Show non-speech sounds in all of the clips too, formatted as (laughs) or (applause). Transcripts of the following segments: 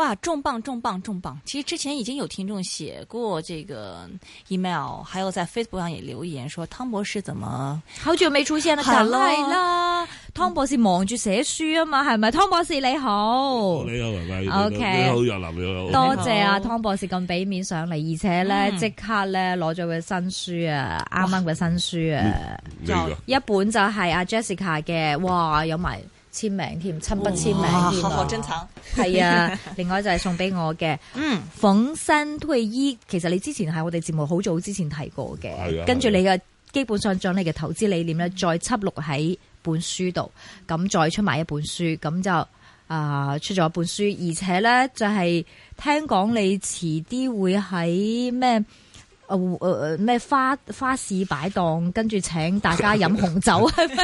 哇！重磅重磅重磅！其實之前已經有聽眾寫過這個 email，還有在 Facebook 上也留言說湯博士怎麼好久未出現了啦？係啦，湯博士忙住寫書啊嘛，係、嗯、咪？湯博士你好，你好，哦你好拜拜 okay、你好多謝阿、啊、湯博士咁俾面上嚟，而且咧即、嗯、刻咧攞咗佢新書啊，啱啱嘅新書啊，就一本就係阿、啊、Jessica 嘅，哇，有埋。簽名添，親筆簽名，好好珍藏。係啊， (laughs) 另外就係送俾我嘅《 (laughs) 嗯逢山退衣》，其實你之前喺我哋節目好早之前提過嘅、哎，跟住你嘅、哎、基本上將你嘅投資理念咧再輯錄喺本書度，咁再出埋一本書，咁就啊、呃、出咗一本書，而且咧就係、是、聽講你遲啲會喺咩？啊、呃，誒咩花花市擺檔，跟住請大家飲紅酒，嗱， (laughs)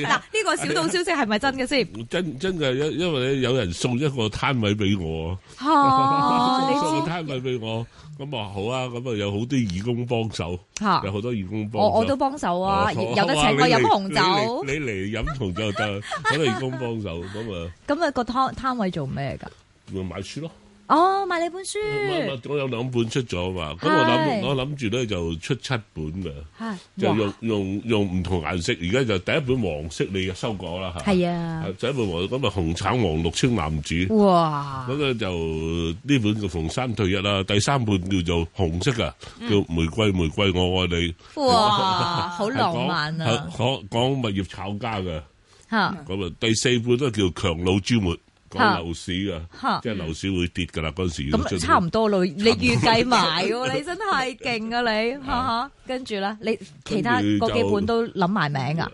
呢、啊、個小道消息係咪真嘅先、啊啊啊？真真嘅，因為咧有人送一個攤位俾我啊！嚇，你送個攤位俾我，咁啊好啊，咁啊有好多義工幫手、啊，有好多義工幫我、哦，我都幫手啊，啊！有得請我飲紅酒，你嚟飲紅酒就得，好 (laughs) 多義工幫手咁啊！咁啊、嗰個攤攤位做咩㗎？咪賣書咯！哦，賣你本書，我我有兩本出咗嘛，咁我諗我諗住咧，就出七本嘅，就用用用唔同顏色，而家就第一本黃色你收過啦吓，係啊，第一本黃色咁啊紅橙黃綠青藍紫，哇，咁咧就呢本叫逢三退一啦，第三本叫做紅色噶，叫玫瑰玫瑰我愛你，哇，好浪漫啊，講講物業炒家嘅，吓，咁啊第四本都係叫強弩之末。樓市啊，即係樓市會跌噶啦，嗰時咁就差唔多咯。你預計埋，你真係勁啊！你，吓吓，跟住咧，你其他個幾盤都諗埋名啊，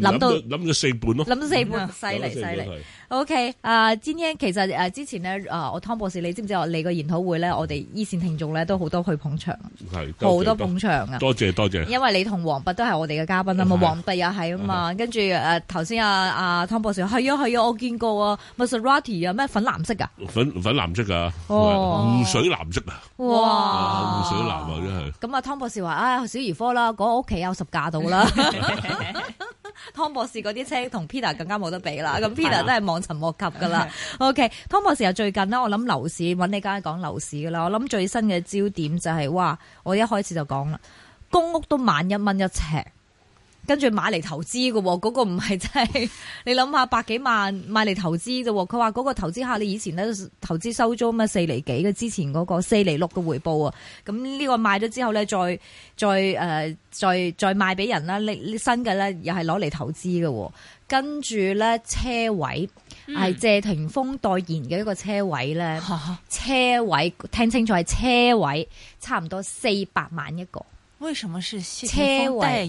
諗到諗到四盤咯，諗到四盤，犀利犀利。O、okay, K，啊，今天其實誒之前咧，啊，我湯博士，你知唔知我你個研討會咧、嗯，我哋依線聽眾咧都好多去捧場，好多捧場啊！多謝多謝，因為你同黃筆都係我哋嘅嘉賓啊筆嘛，黃弼又係啊嘛，跟住誒頭先啊啊湯博士，係啊係啊，我見過啊，Maserati 啊，咩粉藍色啊？粉粉藍色啊、哦？湖水藍色啊，哇啊，湖水藍啊，真係，咁啊湯博士話啊、哎，小兒科啦，我屋企有十架到啦。 (laughs) (laughs) 湯博士嗰啲車同 Peter 更加冇得比啦，咁 (laughs) Peter 都係望塵莫及噶啦。OK，湯博士又最近啦。我諗樓市揾你梗係講樓市噶啦，我諗最新嘅焦點就係、是、哇，我一開始就講啦，公屋都萬一蚊一尺。跟住買嚟投資噶嗰、那個唔係真係。你諗下百幾萬買嚟投資啫。佢話嗰個投資客，你以前咧投資收租咩？四厘幾嘅，之前嗰個四厘六嘅回報啊。咁呢個賣咗之後咧，再再誒、呃，再再賣俾人啦。你你新嘅咧又係攞嚟投資嘅。跟住咧車位係謝霆鋒代言嘅一個車位咧、嗯，車位聽清楚係車位，差唔多四百萬一個。為什麼是謝霆鋒代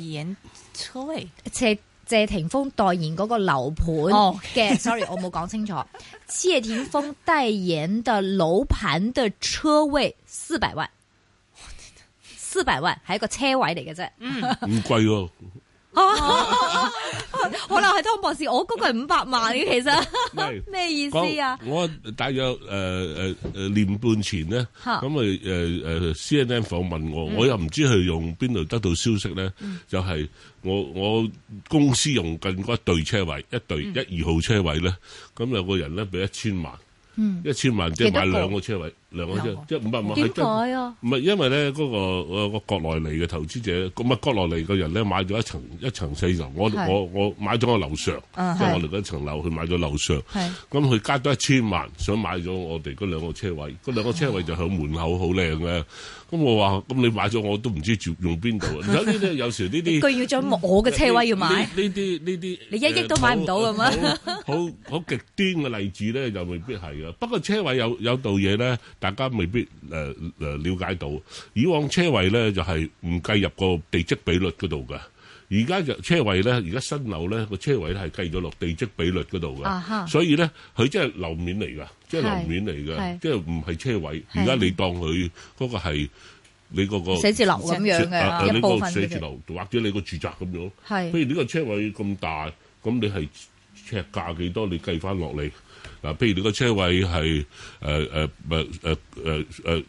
車位，謝謝霆鋒代言嗰個樓盤哦嘅，sorry，我冇講清楚， (laughs) 謝霆鋒代言嘅樓盤嘅車位四百萬，四百萬，係一個車位嚟嘅啫，唔 (laughs) 貴。啊，可能係湯博士，我嗰個係五百萬嘅，其實咩意思啊？我大約誒誒誒年半前咧，咁咪誒誒 CNN 訪問我，我又唔知佢用邊度得到消息咧，就係我我公司用緊嗰一對車位，一對一二號車位咧，咁兩個人咧俾一千萬，一千萬即係買兩個車位。兩個啫，即係五百萬，唔係，唔係因為咧、那、嗰個我個國內嚟嘅投資者，咁唔係國內嚟嘅人咧，買咗一層一層四樓，我我我買咗個樓上，即係我嚟一層樓去買咗樓上，咁佢加多一千萬，想買咗我哋嗰兩個車位，嗰兩個車位就響門口，好靚嘅。咁我話，咁你買咗我都唔知住用邊度。你睇呢啲，有時呢啲，佢 (laughs) 要咗我嘅車位要買，呢啲呢啲，你一億都買唔到噶嘛？好好極端嘅例子咧，又未必係啊。 (laughs) 不過車位有有道嘢咧。大家未必、呃呃、了解到以往車位咧就係、是、唔計入個地積比率嗰度嘅，而家就車位咧，而家新樓咧個車位咧係計咗落地積比率嗰度嘅，所以咧佢即係樓面嚟㗎、就是，即係樓面嚟㗎，即係唔係車位。而家你當佢嗰個係你嗰、那個呃呃、個寫字樓咁樣嘅一部分，你個寫字樓或者你個住宅咁樣。譬如呢個車位咁大，咁你係尺價幾多？你計翻落嚟。嗱，譬如你個車位係誒誒誒誒誒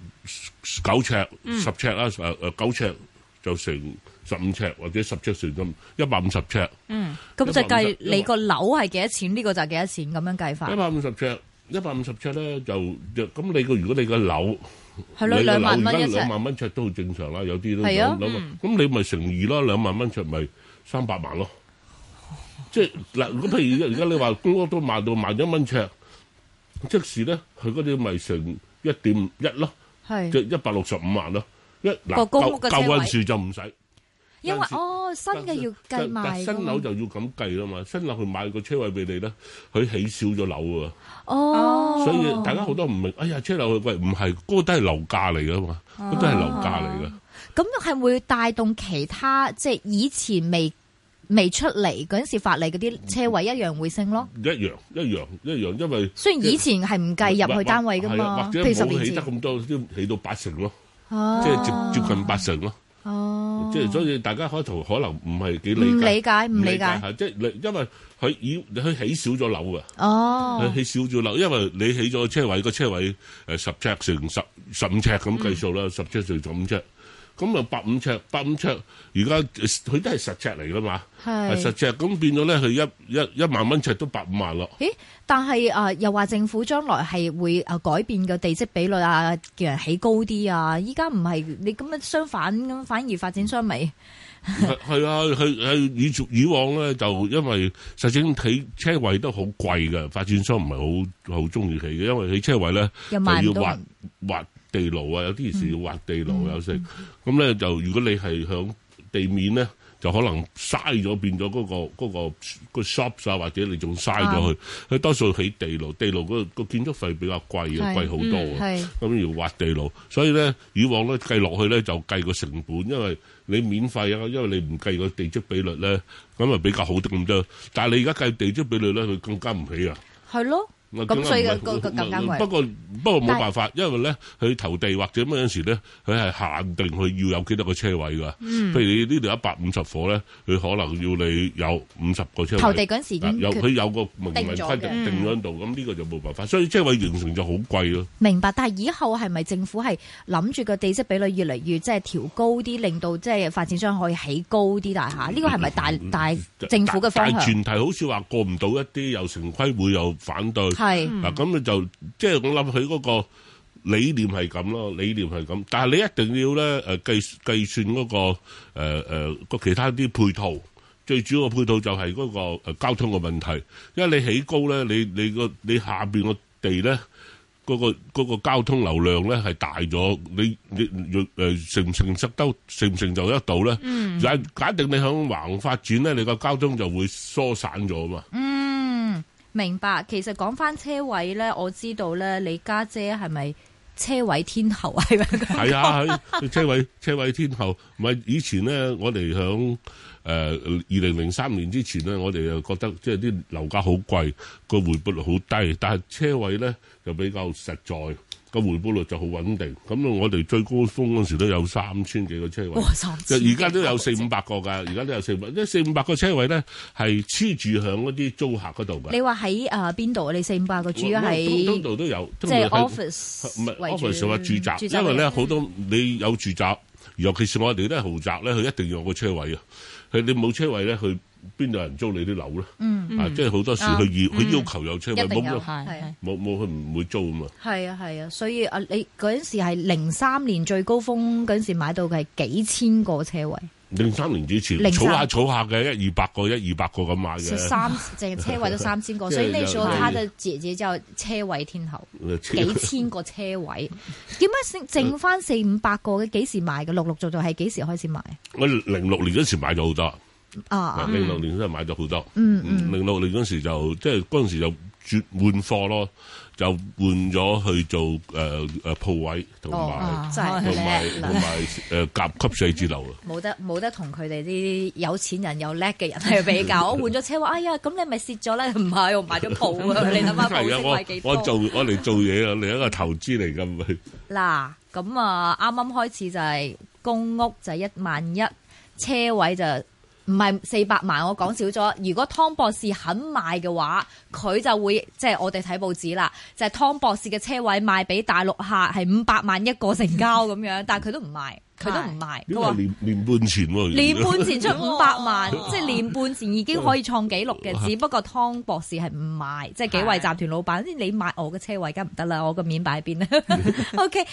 九尺十尺啦，誒九尺就成十五尺或者十尺成咁，一百五十尺。嗯，咁就, 15,、嗯、就計你個樓係幾多錢？呢、呢個就幾多錢咁樣計法。一百五十尺，一百五十尺咧就就咁你個，如果你個樓係咯兩萬蚊一尺，兩萬蚊尺都正常啦，有啲都諗。咁、啊、你咪乘二咯，兩萬蚊尺咪三百萬咯。即係嗱，如果譬如而家你話公屋都賣到萬一蚊尺。即使呢那些是咧，佢嗰啲咪成一點一咯，即一百六十五萬咯。一嗱舊舊溫樹就唔使，因為哦新嘅要計埋。新樓就要咁計吖嘛，新樓佢買個車位俾你咧，佢起少咗樓啊。哦，所以大家好多唔明，哎呀車樓貴唔係？嗰、嗰個、都係樓價嚟噶嘛，啊、都係樓價嚟噶。咁又係會帶動其他，即係以前未。未出嚟嗰陣時發嚟嗰啲車位一樣會升咯，一樣一樣一樣，因為雖然以前係唔計入去單位㗎嘛，譬如十年起得咁多，先起到八成咯，啊、即係接接近八成咯，啊、即係所以大家開頭可能唔係幾理，唔理解唔理解，即係你因為佢以佢起少咗樓啊，佢起少咗樓，因為你起咗車位個車位呃、十尺乘十十五尺咁計數啦，嗯、十尺乘十五尺。咁啊，百五尺，百五尺，而家佢都係十尺嚟噶嘛，係十尺，咁變咗咧，佢一一一萬蚊尺都百五萬咯。咦？但係啊、呃，又話政府將來係會啊改變個地積比率啊，叫人起高啲啊，依家唔係你咁樣相反咁，反而發展商未？係 (laughs) 啊，佢係，以以往咧就因為實際起車位都好貴嘅，發展商唔係好好中意起嘅，因為起車位咧又要劃。挖地牢啊，有啲時要挖地牢，有成。咁咧就如果你係響地面咧，就可能嘥咗變咗嗰個嗰個個 shop 啊，或者你仲嘥咗佢。佢多數起地牢，地牢個個建築費比較貴啊，貴好多啊。咁要挖地牢，所以咧以往咧計落去咧就計個成本，因為你免費啊，因為你唔計個地積比率咧，咁啊比較好啲咁多。但係你而家計地積比率咧，佢更加唔起啊。係咯。咁所以個個價位，不過不過冇辦法，因為咧佢投地或者乜嗰陣時咧，佢係限定佢要有幾多個車位㗎、嗯。譬如你呢度一百五十夥咧，佢可能要你有五十個車位。投地嗰陣時佢、啊、有個明文規定定咗度，咁、嗯、呢個就冇辦法。所以車位形成就好貴咯。明白，但係以後係咪政府係諗住個地積比率越嚟越即係調高啲，令到即係發展商可以起高啲大廈？呢個係咪大大政府嘅方向？大前提好似話過唔到一啲有城規會又反對。係嗱，咁你就即係我諗佢嗰個理念係咁咯，理念係咁。但係你一定要咧，誒計計算嗰個誒誒個其他啲配套，最主要嘅配套就係嗰個誒交通嘅問題。因為你起高咧，你你個你下邊個地咧，嗰個嗰個交通流量咧係大咗，你你若誒成唔成實都成唔成就一度咧？嗯，就係假定你響橫發展咧，你個交通就會疏散咗嘛。嗯。明白，其實講返車位咧，我知道咧，你家姐係咪車位天后係咪？係啊， (laughs) 車位車位天后，唔係以前咧，我哋響誒二零零三年之前咧，我哋又覺得即係啲樓價好貴，個回撥率好低，但係車位咧就比較實在。回報率就好穩定，咁啊，我哋最高峰嗰時都有三千幾個車位，就而家都有四五百個噶，而家都有四五百，即四五百個車位咧係黐住響嗰啲租客嗰度。你話喺啊邊度啊？你四五百個主要喺，度、啊、都有，即係、就是、office，唔係 office，上是話住宅，住宅因為咧好多你有住宅，尤其是我哋都係豪宅咧，佢一定要有個車位啊，佢你冇車位咧，佢。邊度有人租你啲樓咧？啊，即係好多時佢要佢要求有車位冇冇冇佢唔會租啊嘛。係啊係啊，所以啊，你嗰陣時係零三年最高峰嗰陣時買到係幾千個車位。零三年之前，儲下儲下嘅一二百個一二百個咁買嘅。三淨係車位都三千 (laughs) 個，所以你數下就直接就車位天后幾千個車位，點 (laughs) 解剩剩翻四五百個嘅？幾時買嘅？陸陸續續係幾時開始買？我零六年嗰時買咗好多。啊！零六年真係買咗好多。嗯嗯，零六年嗰時就即係嗰陣時就換貨咯，就換咗去做誒誒鋪位同埋，同埋同埋誒甲級寫字樓啊！冇得冇得同佢哋啲有錢人有叻嘅人去比較。我換咗車話，哎呀咁你咪蝕咗咧？唔係我買咗鋪啊！你諗下，鋪升賣幾多？我做我嚟做嘢啊，嚟一個投資嚟㗎咪嗱咁啊！啱啱開始就係公屋就係一萬一車位就。唔係四百萬，我講少咗。如果湯博士肯賣嘅話，佢就會即係、就是、我哋睇報紙啦，就係、是、湯博士嘅車位賣俾大陸客，係五百萬一個成交咁樣。 (laughs) 但佢都唔賣，佢都唔賣。佢話年半前喎，年半前出五百萬，即係年半前已經可以創紀錄嘅。 (laughs) 只不過湯博士係唔賣，即、就、係、是、幾位集團老闆，你買我嘅車位梗係唔得啦，我個面擺喺邊啦？OK，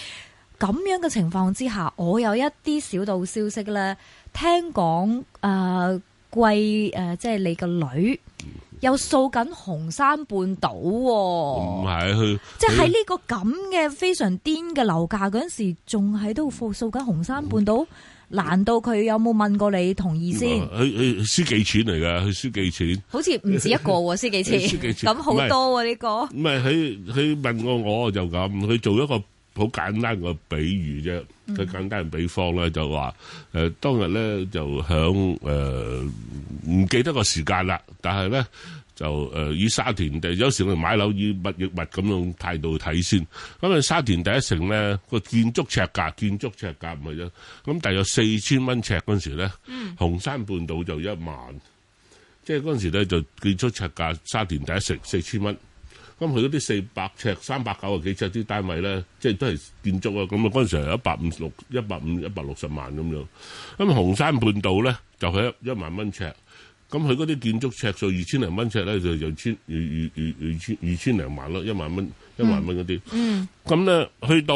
咁樣嘅情況之下，我有一啲小道消息咧。聽講，誒、呃，貴誒，即、呃、係、就是、你的女掃、啊、是個女又掃緊紅山半島，唔係，即係喺呢個咁嘅非常癲嘅樓價嗰陣時，仲喺度掃緊紅山半島，難道佢有冇問過你同意先？佢佢輸幾錢嚟噶，佢輸幾錢，好似唔止一個、啊，輸幾錢，咁好多呢、啊這個，唔係佢佢問過我就咁，佢做一個。好簡單個比喻啫，最簡單嘅比方咧、就是呃，就話誒當日咧就響誒唔記得個時間啦，但係咧就誒以沙田地，有時我哋買樓以物易物咁樣態度睇先，咁啊沙田第一城咧個建築尺價建築尺價咪啫，咁大約四千蚊尺嗰陣時咧，紅山半島就一萬，即係嗰陣時咧就建築尺價沙田第一城四千蚊。4, 咁佢嗰啲四百尺、三百九啊幾尺啲單位咧，即係都係建築啊！咁啊嗰陣時係一百五十六、一百五、一百六十萬咁樣。咁紅山半島咧就係、一、一萬蚊尺。咁佢嗰啲建築尺數二千零蚊尺咧就就千二二二千二千零萬咯，一萬蚊一萬蚊嗰啲。嗯。咁咧去到。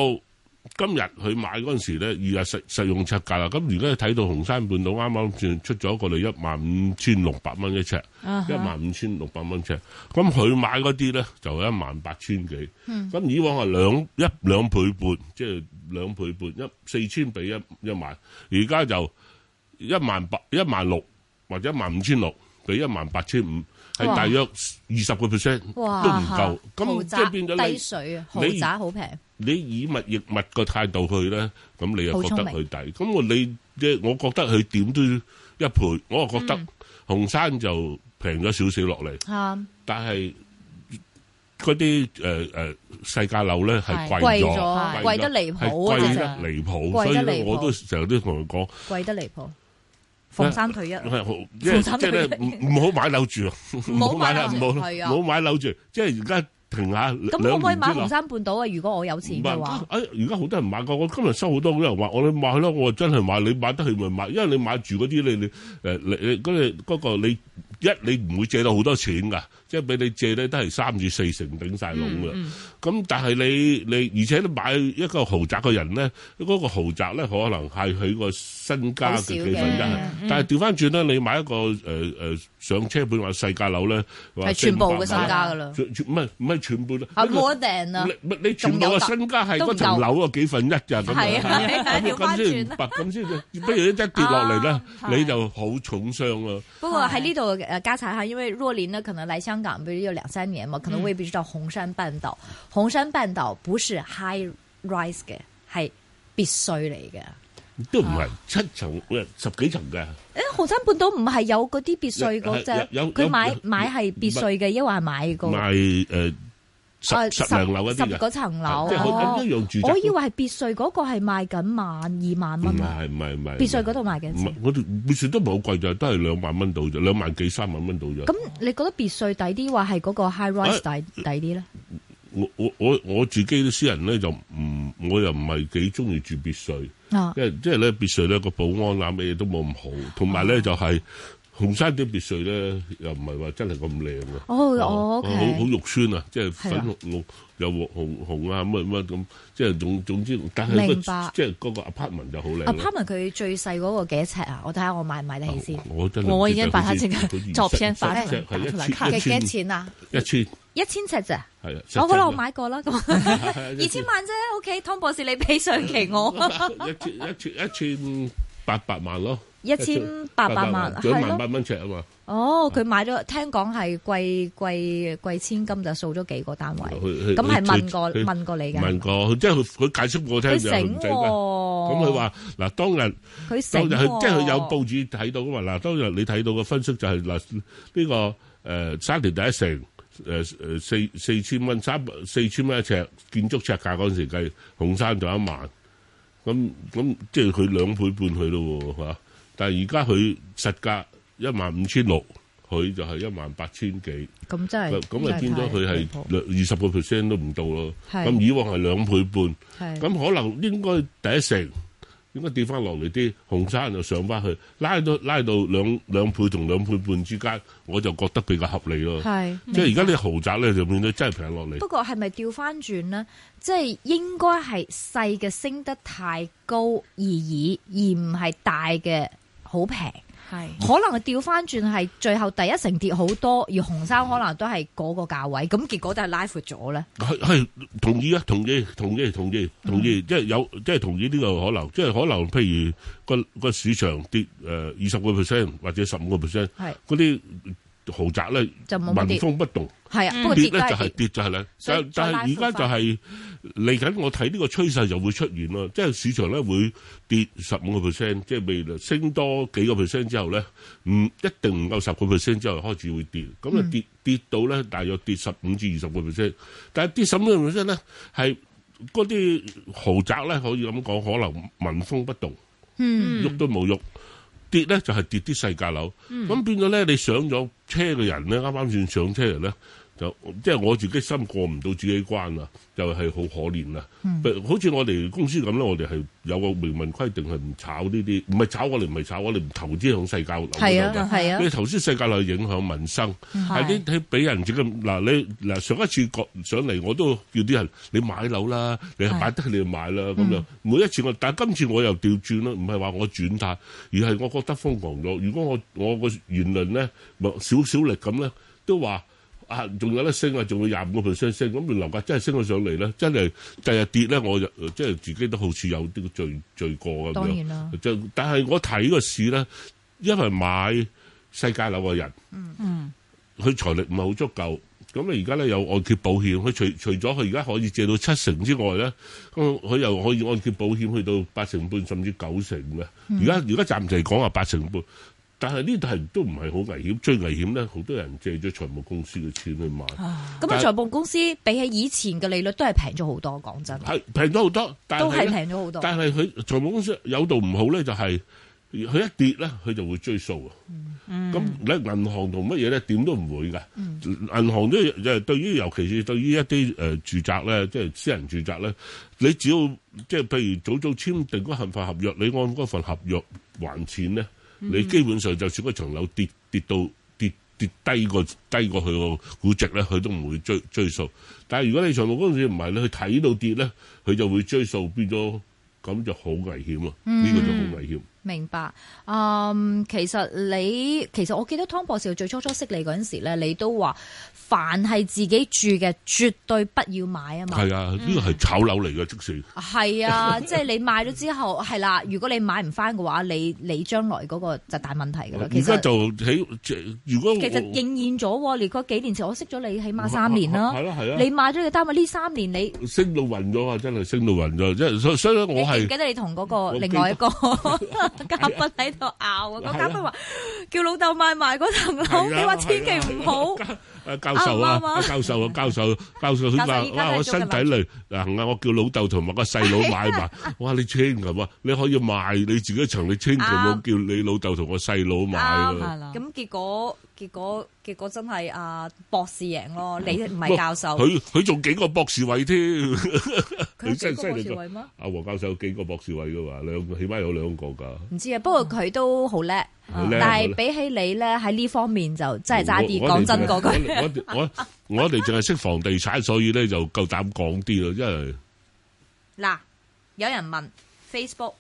今日佢買嗰陣時咧，二日實用尺價啦。咁而家睇到紅山半島啱啱算出咗一個嚟、uh -huh. uh -huh.，一萬五千六百蚊一尺，一萬五千六百蚊尺。咁佢買嗰啲咧就一萬八千幾。咁以往係兩一兩倍半，即、就、係、是、兩倍半一四千比一一萬。而家就一萬八一萬六或者一萬五千六，比一萬八千五係大約二十個 percent 都唔夠。咁即係變咗低水啊，豪宅好平。你以物易物個態度去咧，咁你又覺得佢抵。咁我你即係我覺得佢點都要一倍，我又覺得紅山就平咗少少落嚟。啱。但係嗰啲誒誒世界樓咧係貴咗，貴得離譜啊！貴得離譜，所以我都成日都同佢講貴得離譜，紅山退一。係紅，即係即係唔好買樓住咯，唔好買唔好，唔好買樓住。即係而家。停下，咁可唔可以買紅山半島啊？如果我有錢嘅話，誒，而家好多人買㗎，我今日收好多，好多人話我你買去咯，我真係買。你買得起咪買，因為你買住嗰啲，你你誒你你嗰、嗰個你一你唔會借到好多錢㗎，即係俾你借咧都係三至四成頂晒籠㗎。咁、嗯嗯、但係你你而且你買一個豪宅嘅人咧，嗰、嗰個豪宅咧可能係佢個。身家嘅幾分一，嗯、但係調翻轉咧，你買一個誒誒、呃、上車盤或細價樓咧，係全部嘅身家噶啦，唔係唔係全部啊，冇得訂。你全部嘅身家係嗰層，層樓嘅幾分一咋咁啊？咁先白咁先，不如一跌落嚟啦，你就好重傷咯。不過喺呢度誒，家踩下，因為若琳呢，可能嚟香港，比如有兩三年嘛，可能未必知道紅山半島，嗯、紅山半島不是 high rise 嘅，係必須嚟嘅。都唔係七層十幾層嘅。誒、啊，紅、欸、山半島唔係有嗰啲別墅嗰隻，佢買有有有有買係別墅嘅，抑或係買個？賣誒、呃、十十層樓層樓即係佢一樣住宅。我以為係別墅嗰個係賣緊萬二萬蚊。唔係，唔係，唔係。別墅嗰度賣緊。唔係，我哋別墅都唔係好貴咋，都係兩萬蚊到咋，兩萬幾三萬蚊到咋。咁你覺得別墅抵啲，話係嗰個 high rise 抵抵啲咧？啊啊我我我我自己啲私人咧就唔，我又唔係幾中意住別墅，即係即係咧別墅咧個保安啊乜嘢都冇咁好，同埋咧就係、是、紅山啲別墅咧又唔係話真係咁靚嘅，哦，我好好肉酸啊，即、就、係、是、粉綠綠又紅紅啊咁咁咁，即係總總之，但係、那個、即係嗰個 apartment 就好靚。apartment、啊、佢、那個、最細嗰個幾多尺啊？我睇下我買唔買得起先。我真係我已經辦下證，20，作偏法咧，幾多錢啊？一千。一一千尺咋？係啊，我覺得我買過啦，咁二千萬啫。OK，湯博士，你俾上期我一一一千八百萬咯，一千八百萬係咯，萬八蚊尺啊嘛。哦，佢買咗，聽講係貴貴貴千金就掃咗幾個單位，咁係問過問過你噶？問過，即係佢佢解釋我聽。佢醒喎，咁佢話嗱當日佢醒喎，即係佢有報紙睇到噶嘛嗱，當日你睇到嘅分析就係嗱呢個誒三條第一城。誒誒四四千蚊三百四千蚊一尺建築尺價嗰陣時計，紅山就一萬，咁咁即係佢兩倍半佢咯喎，嚇！但係而家佢實價一萬五千六，佢就係一萬八千幾，咁真係咁咪見到佢係二十個 percent 都唔到咯，咁以往係兩倍半，咁可能應該第一城，點解掉翻落嚟啲紅山就上翻去，拉到拉到兩,兩倍同兩倍半之間，我就覺得比較合理咯。係，即係而家啲豪宅咧就變咗真係平落嚟。不過係咪掉翻轉咧？即係應該係細嘅升得太高而已，而唔係大嘅好平。係可能調翻轉係最後第一成跌好多，而紅衫可能都係嗰個價位，咁結果都就拉闊咗咧。係係同意啊，同意同意同意同意，即係有即係同意呢、嗯就是就是、個可能，即、就、係、是、可能。譬如、嗰個、嗰個市場跌誒二十個 percent 或者十五個 percent，係啲。豪宅咧就冇跌，聞風不動。係啊，嗯、跌咧就係跌就係啦。但但係而家就係嚟緊，我睇呢個趨勢就會出現咯。即、就、係、是、市場咧會跌十五個 percent，即係未如升多幾個 percent 之後咧，唔一定唔夠十個 percent 之後開始會跌。咁啊跌、嗯、跌到咧，大約跌十五至二十個 percent。但係跌十五個 percent 咧，係嗰啲豪宅咧可以咁講，可能聞風不動，喐、嗯、都冇喐。跌咧就係、是、跌啲細價樓咁、嗯、變咗咧，你上咗車嘅人咧，啱啱算上車嚟咧。就即係我自己心過唔到自己關，就是嗯，流行流行流行啊，就係好可憐啦。好似我哋公司咁咧，我哋係有個明文規定係唔炒呢啲，唔係炒我哋唔係炒我哋唔投資響世界樓嘅。係啊係啊，你投資世界樓影響民生，係啲俾人哋嘅嗱你嗱上一次上嚟我都叫啲人你買樓啦，你係擺得你買啦咁樣，嗯，每一次我但係今次我又調轉啦唔係話我轉態而係我覺得瘋狂咗。如果我我個言論咧，少少力咁咧，都話。啊，仲有得升啊，仲要廿五個 percent 升，咁樓價真係升咗上嚟咧，真係第日跌咧，我即係自己都好似有啲罪罪過咁樣。就但係我睇個市咧，因為買世界樓嘅人，嗯嗯，佢財力唔係好足夠，咁你而家咧有按揭保險，佢除除咗佢而家可以借到七成之外咧，咁佢又可以按揭保險去到八成半甚至九成嘅。而家而家暫時講啊，八成半。但係呢係都唔係好危險，最危險咧，好多人借咗財務公司嘅錢去買。咁啊，財務公司比起以前嘅利率都係平咗好多，講真。係平咗好多，但都係平咗好多。但係佢財務公司有度唔好咧、就係，就係佢一跌咧，佢就會追數啊。咁你銀行同乜嘢咧？點都唔會㗎。銀行都係、嗯、對於尤其是對於一啲、呃、住宅咧，即係私人住宅咧，你只要即係譬如早早簽訂嗰份合法合約，你按嗰份合約還錢咧。你基本上就算嗰層樓跌跌，跌到跌跌低過低過佢個估值咧，佢都唔會追追數。但係如果你財務公司唔係你去睇到跌咧，佢就會追數，變咗咁就好危險啊！呢個就好危險。這個明白，嗯，其實你其實我記得湯博士最初初識你嗰陣時咧，你都話凡係自己住嘅絕對不要買啊嘛。係啊，呢個係炒樓嚟嘅，即使係啊， (laughs) 即係你買咗之後係啦，啊，如果你買唔返嘅話，你你將來嗰個就大問題噶啦。而家就起，如果我其實應驗咗，你嗰幾年前我識咗你起碼三年啦。係咯，係啊，你買咗嘅單位呢三年你升到暈咗啊！真係升到暈咗，即係所所以我係記得你同嗰，嗰個另外一個？ (laughs) 嘉賓喺度拗啊！哎、呀個嘉賓話叫老豆買埋嗰層樓，哎、呀你話千祈唔好。阿、哎、教授啊，啊教授啊，啊，教授，教授，佢話：哇，我身體力行啊！我叫老豆同埋個細佬買埋。哎、呀哇，你千祈唔好，你可以賣你自己一層，你千祈唔好叫你老豆同我細佬買咯。咁、啊啊啊、結果。結果結果真係阿博士贏咯，你唔係教授，佢佢仲幾個博士位添？佢幾個博士位咩？阿黃教授幾個博士位噶嘛？兩個起碼有兩個噶。唔知啊，不過佢都好叻，但係比起你咧喺呢方面就真係揸啲。講真嗰句，我我哋淨係識房地產，所以咧就夠膽講啲咯，因為嗱，有人問 Facebook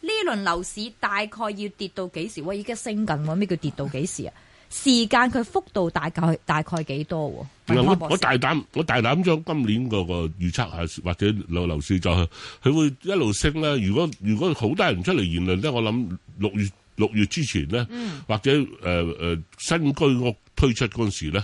呢輪樓市大概要跌到幾時？喂，而家升緊，咩叫跌到幾時啊？時間佢幅度大概大概，大概幾多？我我大膽我大膽將今年個個預測或者老樓，樓市再、就、佢、係、會一路升咧。如果如果好多人出嚟言論咧，我諗六月六月之前咧、嗯，或者誒、呃、新居屋推出嗰時咧。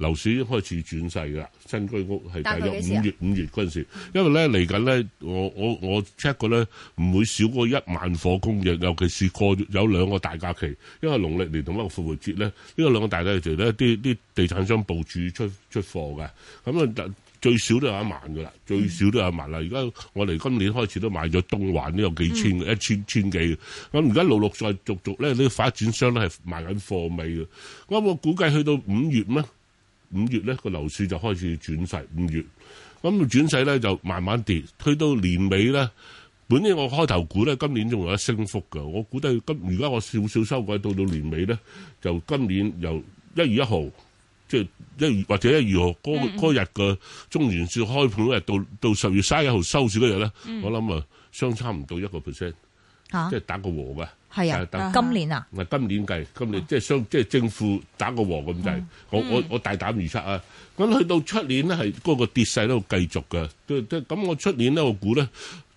樓市已經開始轉勢㗎，新居屋係大約五月五月嗰陣時，因為咧嚟緊咧，我我我 check 過咧，唔會少過一萬貨供嘅，尤其是過有兩個大假期，因為農曆年同埋復活節咧，呢、呢個兩個大假期咧，啲啲地產商部署出出貨㗎，咁啊最少都有一萬㗎啦，最少都有一萬啦。而家、嗯、我哋今年開始都買咗東環呢個幾千嘅、嗯，一千千幾。咁而家陸陸續續咧個發展商咧係賣緊貨尾嘅，我我估計去到五月咩？五月咧個樓市就開始轉勢，五月咁轉勢咧就慢慢跌，推到年尾咧，本應我開頭估咧今年仲有一升幅㗎。我估得今而家我少少修改，到到年尾咧，由今年由一月一號、就是那個嗯嗯啊，即係一月或者一月二號嗰嗰日嘅中原市開盤嗰日到到十月三十一號收市嗰日咧，我諗啊相差唔到一個 percent，即係打個和嘅。係啊，今年啊，係、啊、今年計，今年即係相，即係政府打個和咁滯、嗯。我我我大膽預測啊，咁、嗯、去到出年咧係嗰個跌勢咧繼續㗎。即即咁我出年咧我估咧，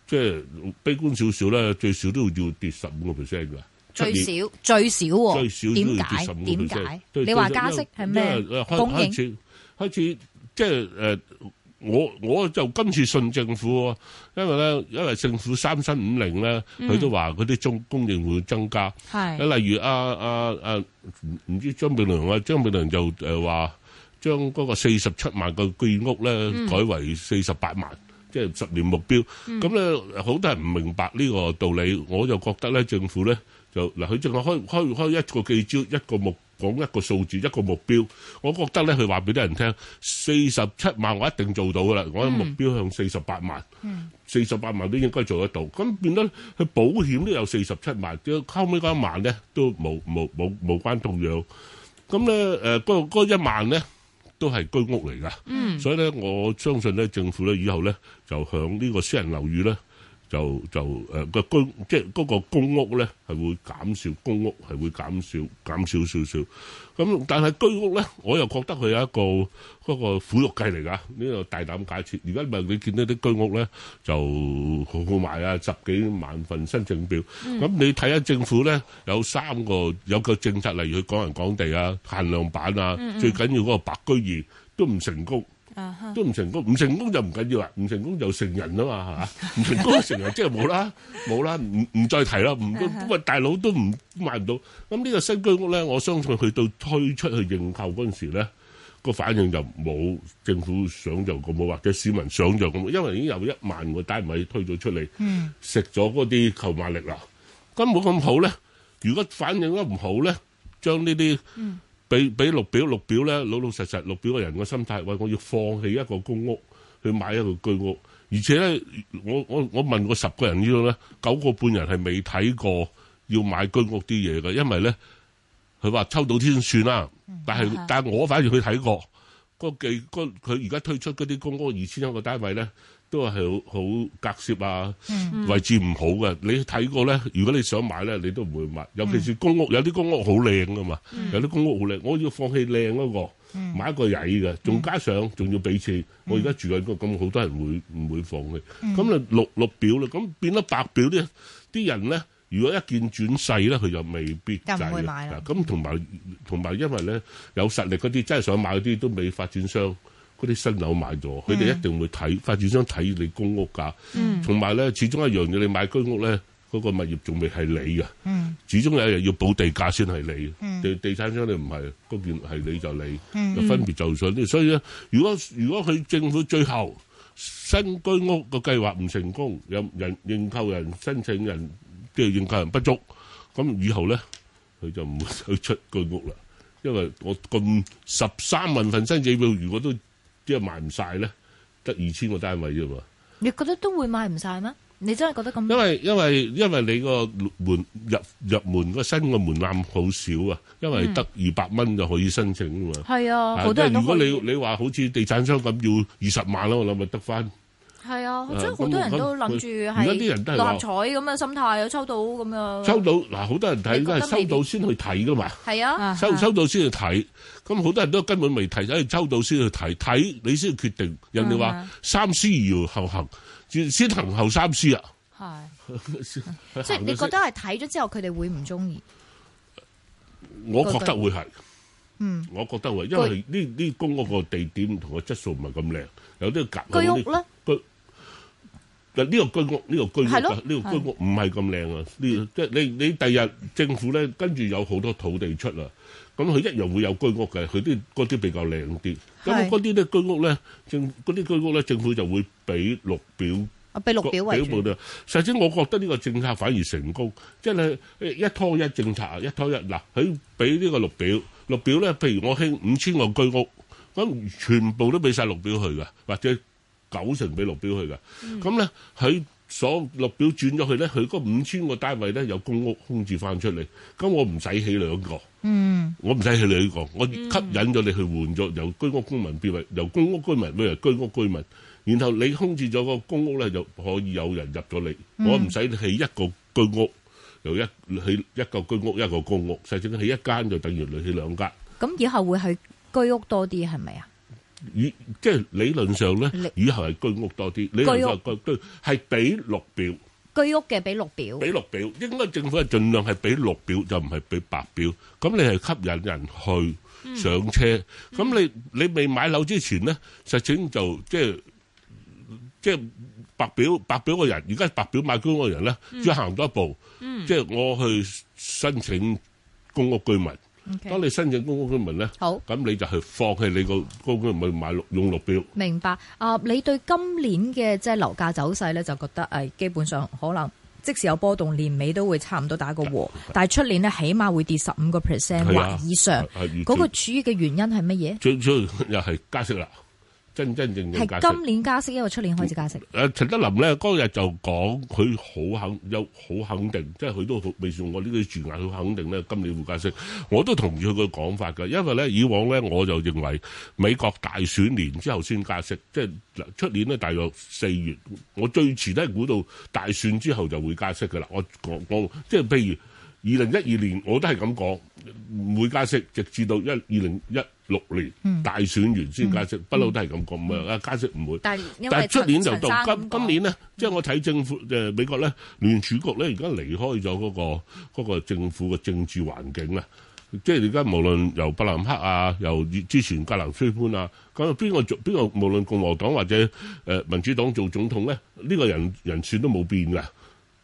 即、就、係、是、悲觀少少咧，最少都要跌十五個 percent 㗎。最少最少最少點解？點解？你話加息係咩？供應開始,開始即係誒。呃我我就今次信政府，因為咧，因為政府三申五令咧，佢、嗯、都話嗰啲供供應會增加。例如阿阿阿唔知張炳良啊，啊張炳良,良就誒話將嗰個四十七萬個居屋咧改為四十八萬，即係十年目標。咁咧好多人唔明白呢個道理，我就覺得咧政府咧就嗱，佢淨係開開開一個記招一個目。講一個數字，一個目標，我覺得咧，佢話俾啲人聽，四十七萬我一定做到噶啦。我嘅目標向四十八萬，四十八萬都應該做得到。咁變咗，佢保險都有四十七萬，到後尾嗰一萬咧都冇冇冇冇關痛癢。咁咧誒，嗰嗰一萬咧都係居屋嚟噶，所以咧我相信咧，政府咧以後咧就響呢個私人樓宇咧。就就誒個居即係嗰個公屋咧，係會減少，公屋係會減少，減少少少。咁但係居屋咧，我又覺得佢有一個嗰個苦肉計嚟㗎。呢個大膽假設，而家咪你見到啲居屋咧就好好賣啊，十幾萬份申請表。咁你睇下政府咧有三個有個政策，例如港人港地啊、限量版啊，最緊要嗰個白居二都唔成功。都唔成功，唔成功就唔緊要啦，唔成功就成人啊嘛，唔 (laughs) 成功成人即係冇啦，冇啦，唔唔再提啦，唔咁，大佬都唔買唔到。咁呢個新居屋咧，我相信去到推出去認購嗰陣時咧，個反應就冇政府想像咁好，或者市民想像咁好，因為已經有一萬個單位推咗出嚟，食咗嗰啲購買力啦。咁冇咁好咧，如果反應得唔好咧，將呢啲。嗯俾俾綠表綠表咧，老老實實綠表嘅人嘅心態。喂，我要放棄一個公屋去買一個居屋，而且咧，我我我問過十個人呢度咧，九個半人係未睇過要買居屋啲嘢嘅，因為咧，佢話抽到天算啦、嗯。但係、嗯、但係我反而去睇過個記佢而家推出嗰啲公屋二千一個單位咧。都係好好隔蝕啊！位置唔好嘅，你睇過咧。如果你想買咧，你都唔會買。尤其是公屋，有啲公屋好靚㗎嘛，有啲公屋好靚。我要放棄靚嗰個，買一個曳嘅，仲加上仲要俾錢。我而家住緊個，咁好多人會唔會放棄？咁啊綠綠表啦，咁變到白表啲，啲人咧，如果一見轉細咧，佢就未必。又唔會買啦。咁同埋同埋，因為咧有實力嗰啲，真係想買嗰啲都未發展商。嗰啲新樓買咗，佢哋一定會睇、嗯、發展商睇你公屋價，同埋咧，始終一樣嘢，你買居屋咧，嗰、嗰個物業仲未係你嘅、嗯，始終有樣要補地價先係你、嗯。地地產商你唔係嗰件係你就你，就、嗯、分別就咗、嗯、所以咧，如果如果佢政府最後新居屋個計劃唔成功，有認認購人申請人即係認購人不足，咁以後咧佢就唔會出居屋啦，因為我咁十三萬份申請票，如果都即係賣唔晒咧，得二千個單位啫嘛。你覺得都會賣唔晒咩？你真係覺得咁？因為因為因為你個門入入門個新嘅門檻好少啊，因為得二百蚊就可以申請噶嘛。係啊，好多人都即係如果你你話好似地產商咁要二十萬咯，我諗咪得翻。係啊，所以好多人都諗住係六合彩咁嘅心態，抽到咁樣。抽到嗱，好多人睇都係抽到先去睇噶嘛。係啊，啊，啊，抽到先去睇，咁好多人都根本未睇，所以抽到先去睇，睇你先決定。人哋話三思而後行，啊，先行後三思啊。係，啊，即 (laughs) 係你覺得係睇咗之後，佢哋會唔中意？我覺得會係，嗯，我覺得會，因為呢呢公個地點同個質素唔係咁靚，有啲隔。居屋嗱呢個居屋，呢個居屋，呢個居屋唔係咁靚啊！呢即係你你第日政府咧跟住有好多土地出啦，咁佢一樣會有居屋嘅。佢啲嗰啲比較靚啲，咁嗰啲咧居屋咧政嗰啲居屋咧政府就會俾綠表，俾綠表為。首先我覺得呢個政策反而成功，即係你一拖一政策啊，一拖一嗱，佢俾呢個綠表，綠表咧譬如我興五千個居屋，咁全部都俾曬綠表去㗎，或者。九成俾綠表去嘅，咁咧喺所綠表轉咗去咧，佢嗰五千個單位咧有公屋空置翻出嚟，咁我唔使起兩個，我唔使起兩個，我吸引咗你去換咗由居屋公民變為由公屋居民變為居屋居民，然後你空置咗個公屋咧就可以有人入咗嚟，我唔使起一個居屋，由一起一個居屋，一個公屋，實際起一間就等於你起兩間。咁以後會起居屋多啲係咪啊？以即係理論上咧，以後係居屋多啲。居屋居居係俾綠表，居屋嘅俾綠表，俾綠表應該政府係盡量係俾綠表，就唔係俾白表。咁你係吸引人去上車。咁你你未買樓之前咧，實際就即係即係白表白表個人，而家白表買居屋嘅人咧，只要行多一步，即係我去申請公屋居民。Okay，當你申請公屋居民咧，好，咁你就係放棄你個公居民去買用綠表。明白啊？你對今年嘅即係樓價走勢咧，就覺得誒，基本上可能即使有波動，年尾都會差唔多打個和，但係出年呢，起碼會跌十五個 percent 或以上。嗰、那個主要嘅原因係乜嘢？最主要又係加息啦。真真正正，係今年加息，因為出年開始加息。誒、呃，陳德霖咧嗰日就講，佢好肯有好肯定，即係佢都未算過呢個字眼，去肯定咧今年會加息。我都同意佢個講法㗎，因為咧以往咧我就認為美國大選年之後先加息，即係出年咧大約四月，我最遲都係估到大選之後就會加息㗎啦。我我即係譬如二零一二年，我都係咁講，唔會加息，直至到一二零一。六年大選完先加息，不、嗯、嬲都係咁講。咁、嗯、啊加息唔會，但係出年就到今今年呢，即係我睇政府誒、呃、美國咧，聯儲局咧而家離開咗嗰、那個那個政府嘅政治環境啦。即係而家無論由伯南克啊，由之前格林斯潘啊，咁邊個做邊個？無論共和黨或者誒、呃、民主黨做總統咧，呢、這個人人選都冇變㗎。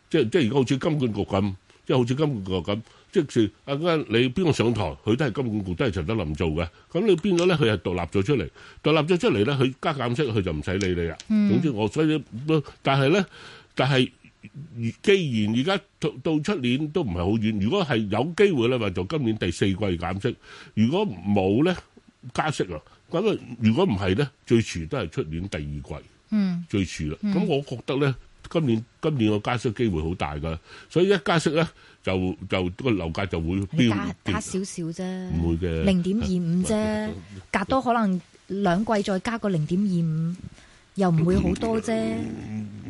即係即係而家好似金管局咁，即係好似金管局咁。即係阿你邊個上台，佢都係金管局都係陳德霖做嘅。咁你邊個咧，佢係獨立咗出嚟，獨立咗出嚟咧，佢加減息佢就唔使理你啦。嗯。總之我所以但係咧，但係既然而家到到出年都唔係好遠，如果係有機會咧，話做今年第四季減息；如果冇咧，加息啦咁啊，如果唔係咧，最遲都係出年第二季。嗯，最遲啦。咁我覺得咧。今年今年個加息機會好大㗎，所以一加息咧就就個樓價就會加,加少少啫，唔會嘅零點二五啫，隔多可能兩季再加個零點二五，又唔會好多啫，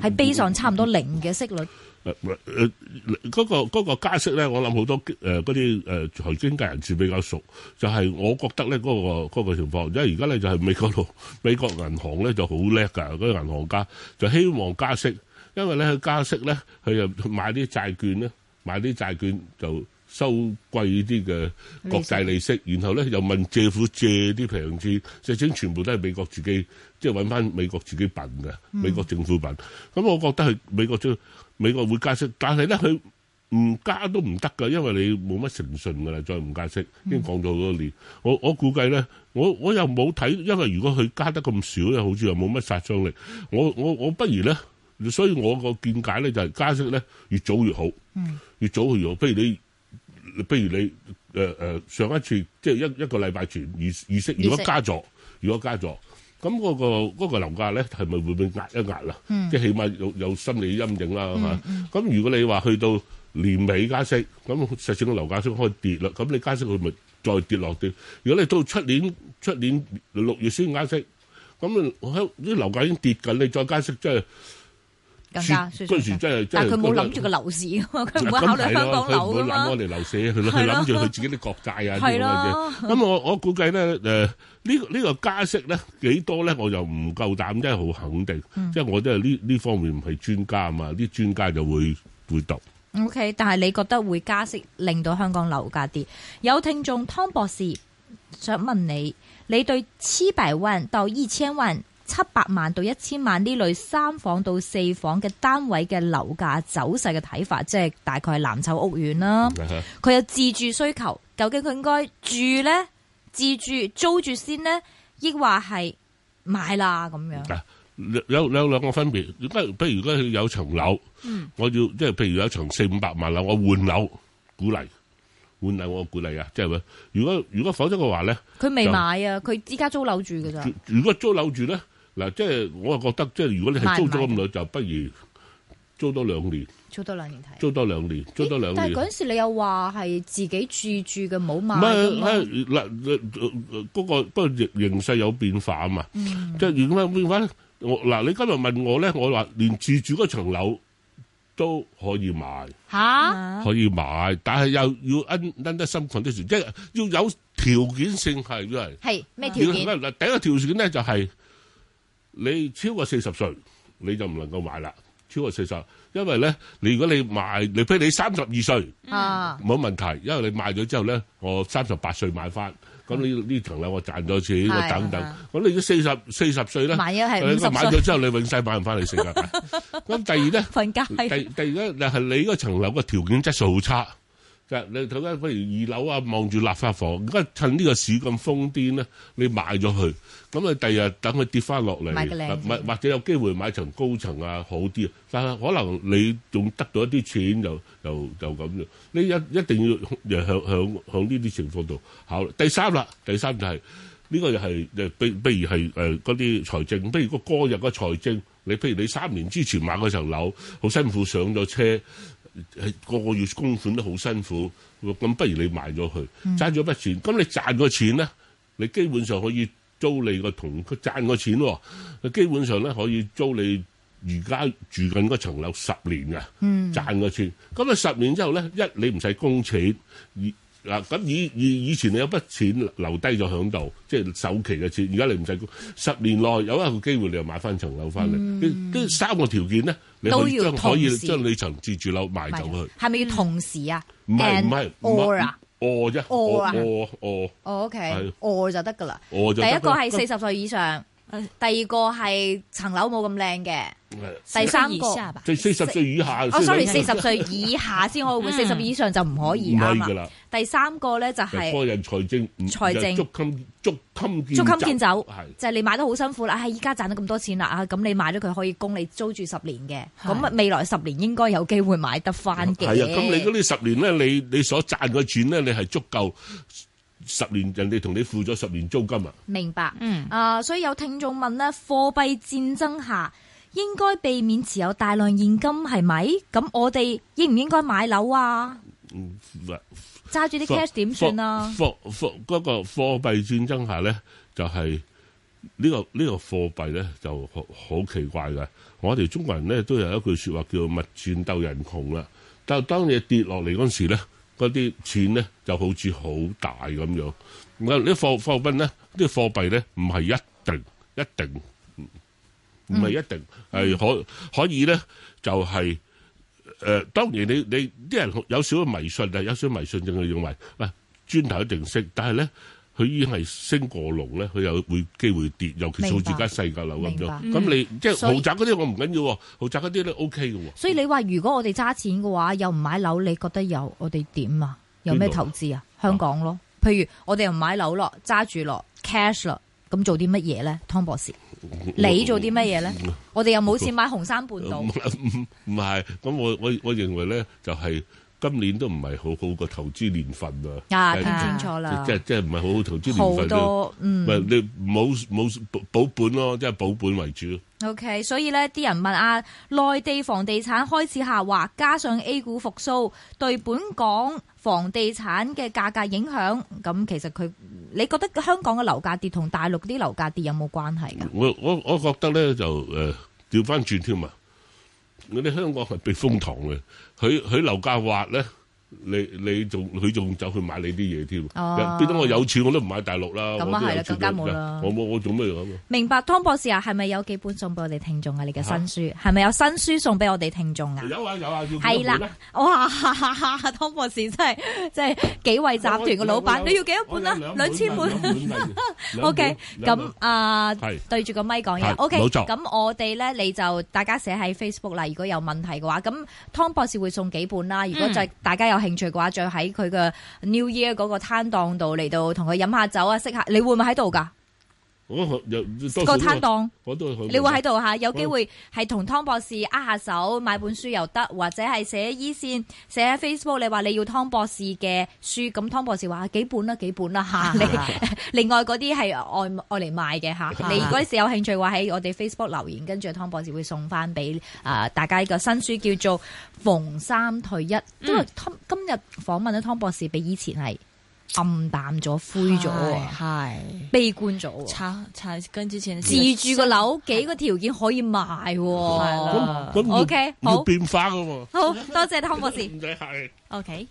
喺 basic 差唔多零嘅息率。嗰、嗯嗯嗰個嗰、嗰個、加息咧，我諗好多嗰啲誒財經界人士比較熟，就係、係、我覺得咧嗰、嗰個嗰、嗰個、情況，因為而家咧就係、係、美國度美國銀行咧就好叻㗎，嗰啲銀行家就希望加息。因為咧佢加息咧，佢又買啲債券咧，買啲債券就收貴啲嘅國際利息，然後咧又問借戶借啲平資，即係整全部都係美國自己，即係搵翻美國自己笨嘅、嗯、美國政府品。咁我覺得佢美國都美國會加息，但係咧佢唔加都唔得噶，因為你冇乜誠信噶啦，再唔加息已經講咗好多年。我我估計咧，我我又冇睇，因為如果佢加得咁少，又好似又冇乜殺傷力。我我我不如咧。所以，我個見解咧就係、是、加息咧越早越好、嗯，越早越好。譬如你，譬如你誒、呃呃、上一次即係一一個禮拜前議議息如果加咗，如果加咗，咁嗰、那個嗰、那個樓價咧係咪會唔會壓一壓啦？即、嗯、係起碼有有心理陰影啦、啊。咁、嗯、如果你話去到年尾加息，咁實質上樓價先開始跌啦。咁你加息佢咪再跌落啲？如果你到出年出年六月先加息，咁喺啲樓價已經跌緊，你再加息真、就、係、是、～更加，係，但係佢冇諗住個樓市噶嘛，佢唔會考慮香港樓，諗我哋樓市，佢諗住佢自己啲國債啊，咁樣嘅。咁我我估計咧，誒呢呢個加息咧幾多咧，我就唔夠膽真係好肯定，即、嗯、係、就是、我都係呢呢方面唔係專家啊嘛，啲專家就會會讀。OK，但係你覺得會加息令到香港樓價跌？有聽眾湯博士想問你，你對七百萬到一千萬？七百萬到一千萬呢類三房到四房嘅單位嘅樓價走勢嘅睇法，即係大概係藍籌屋苑啦。佢有自住需求，究竟佢應該住咧？自住租住先呢？抑或係買啦咁樣？有有兩個分別，不如，比如如果佢有層樓，嗯，我要即係，譬如有一層四五百萬樓，我換樓鼓勵，換樓我鼓勵啊，即係咪？如果如果否則嘅話咧，佢未買啊，佢依家租樓住㗎咋？如果租樓住咧？嗱，即係我係覺得，即係如果你係租咗咁耐，就不如租多兩年。租多兩年睇。租多兩年，租多兩年。兩年但係嗰陣時，你又話係自己住住嘅，冇賣。唔嗱嗰個不過形勢有變化啊嘛、嗯。即係如果係變化咧，我嗱你今日問我咧，我話連自住嗰層樓都可以賣嚇，可以賣，但係又要 under some conditions，即係要有條件性係，因為係咩條件嗱，第一個條件咧就係、是。你超過四十歲，你就唔能夠買啦，超過四十，因為咧，你如果你賣，你譬如你三十二歲，啊、嗯，冇問題，因為你賣咗之後咧，我三十八歲買翻，咁呢呢層樓我賺咗錢，嗯、等等，咁你都四十四十歲咧，買咗係五十，買咗之後你永世買唔翻嚟食啦。咁 (laughs) 第二咧，瞓街，第第二咧，就係你嗰層樓個嘅條件質素好差。就你睇下，譬如二樓啊，望住垃圾房，而家趁呢個市咁瘋癲咧，你買咗佢，咁啊，第日等佢跌翻落嚟，買或者有機會買層高層啊，好啲。但係可能你仲得到一啲錢，就就就咁樣。你一一定要向向向呢啲情況度考慮。第三啦，第三就係呢個就係誒，譬譬如係誒嗰啲財政，譬如個嗰日個財政，你譬如你三年之前買嗰層樓，好辛苦上咗車，係個個月供款都好辛苦，咁不如你賣咗佢，賺咗筆錢。咁你賺個錢咧，你基本上可以租你個同佢賺個錢喎、哦。佢基本上咧可以租你而家住緊嗰層樓十年嘅、嗯，賺個錢。咁你十年之後咧，一你唔使供錢，二。嗱咁以以以前你有筆錢留低咗喺度，即係首期嘅錢。而家你唔使供，十年內有一個機會，你又買翻層樓翻嚟。跟跟三個條件咧，你都可以將你層自住樓賣走去。係咪要同時啊？唔係唔係，or 啊？or 啫。or 啊？or。OK。or 就得㗎啦。or 就。第一個係四十歲以上，第二個係層樓冇咁靚嘅。第三個，即四十歲以，以下。哦，sorry，四十歲以下先可以，四、嗯、十以上就唔可以啦。唔係噶啦。第三個咧就係、是、財政，財政捉襟捉襟，捉襟見肘，就係你買得好辛苦啦。係依家賺咗咁多錢啦，啊，咁你買咗佢可以供你租住十年嘅，咁啊未來十年應該有機會買得翻嘅。係啊，咁你嗰啲十年咧，你你所賺嘅錢咧，你係足夠十年人哋同你付咗十年租金啊。明白，啊、嗯呃，所以有聽眾問呢，貨幣戰爭下。應該避免持有大量現金係咪？咁我哋應唔應該買樓啊？揸住啲 cash 點算啊？貨貨嗰個貨幣戰爭下咧，就係、是這個這個、呢個呢個貨幣咧就好好奇怪嘅。我哋中國人咧都有一句說話叫物賤斗人窮啦。但係當你跌落嚟嗰時咧，嗰啲錢咧就好似好大咁樣。咁啊呢貨貨物品咧，那個、貨幣呢貨幣咧唔係一定一定。一定唔係一定係可、嗯、可以咧、嗯，就係、是、誒、呃。當然你你啲人有少少迷信啊，有少少迷信，正係認為喂，磚頭一定升，但係咧佢已經係升過籠咧，佢又會機會跌，尤其數字加細價樓咁樣。咁、嗯、你即係豪宅嗰啲，我唔緊要喎，豪宅嗰啲都 OK 嘅喎。所以你話如果我哋揸錢嘅話，又唔買樓，你覺得有我哋點啊？有咩投資啊？香港咯，譬如我哋又唔買樓囉，揸住落 cash 咯，咁做啲乜嘢咧，湯博士？你做啲乜嘢咧？我哋又冇錢買紅山半島。唔係，咁我我我認為咧，就係、是。今年都唔係好好個投資年份啊！啊，聽清楚啦，即係即係唔係好好投資年份都好多，嗯，咪你冇冇保本咯，即係保本為主。OK，所以咧，啲人問啊，內地房地產開始下滑，加上 A 股復甦，對本港房地產嘅價格影響，咁其實佢，你覺得香港嘅樓價跌同大陸啲樓價跌有冇關係㗎？我我我覺得咧就誒，調翻轉添啊！我哋香港係避風塘嘅，佢佢樓價滑咧。你你仲佢仲走去買你啲嘢添？哦，邊度我有錢我都唔買大陸啦。咁啊係啦，更加冇啦。我冇我做咩？嘢明白，湯博士啊，係咪有幾本送俾我哋聽眾啊？你嘅新書係咪、啊、有新書送俾我哋聽眾啊？有啊有啊，要幾本咧？係啦，哇、啊！湯、哦、博士真係即係幾位集團嘅老闆，你要幾多本啊？兩本？兩千本。OK，咁啊， (laughs) okay, 呃、對住個咪講嘢。OK，咁我哋咧，你就大家寫喺 Facebook 啦。如果有問題嘅話，咁湯博士會送幾本啦。嗯、如果再大家有，興趣嘅話，就喺佢嘅 New Year 嗰個攤檔度嚟到同佢飲下酒啊，識下，你會唔會喺度噶？哦，多那個攤檔，你會喺度嚇，有機會係同湯博士握下手，買本書又得，或者係寫依、e、線，寫喺 Facebook。你話你要湯博士嘅書，咁湯博士話幾本啦，幾本啦、啊、你、啊、 (laughs) (laughs) 另外嗰啲係外外嚟賣嘅嚇。 (laughs) 你如果有興趣話喺我哋 Facebook 留言，跟住湯博士會送翻俾啊大家。依個新書叫做《逢三退一》，嗯、今日今日訪問咗湯博士，比以前係。暗淡咗，灰咗，係悲觀咗。查查跟之前自住個樓幾個條件可以賣喎、啊嗯。咁，o K，冇變化噶、啊、喎。好多謝湯博士。唔使客氣。O K。